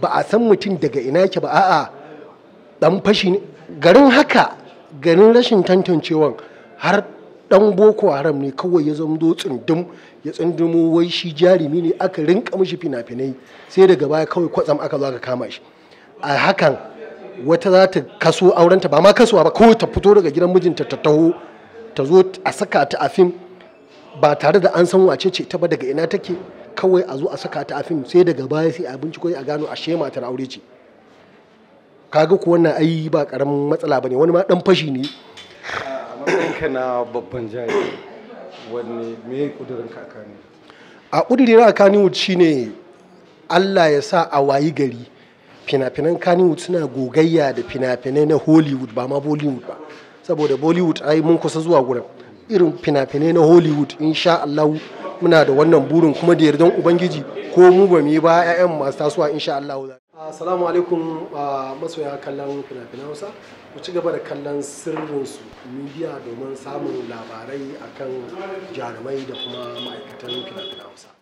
ba a san mutum daga ina ke ba a'a dan fashi ne garin haka garin rashin tantancewan har dan boko haram ne kawai ya zama dum ya tsundumo wai shi jarumi ne aka rinka mishi fina-finai sai daga baya kawai kwatsam aka zo aka kama shi a hakan wata za ta kaso aurenta ba ma kasuwa ba kawai ta fito daga gidan mijinta ta taho ta zo a saka ta a fim ba tare da an san wace ce ta ba daga ina take kawai a zo a saka ta a fim sai daga baya sai a binciko a gano a shema ta aure ce kaga ko wannan ai ba karamin matsala bane wani ma dan fashi ne a na babban jari wani me kudirin kakani a kudirin kakani shine Allah ya sa a wayi gari fina-finan Kannywood suna gogayya da fina-finai na Hollywood ba ma Bollywood ba saboda Bollywood ai mun kusa zuwa gurin irin fina-finai na Hollywood insha Allah muna da wannan burin kuma da yardan ubangiji ko mu ba mu yi ba 'ya'yan masu tasowa insha Allah Assalamu alaikum masoya kallon fina-finan Hausa ku ci gaba da kallon sirrin su media domin samun labarai akan jarumai da kuma ma'aikatan fina-finan Hausa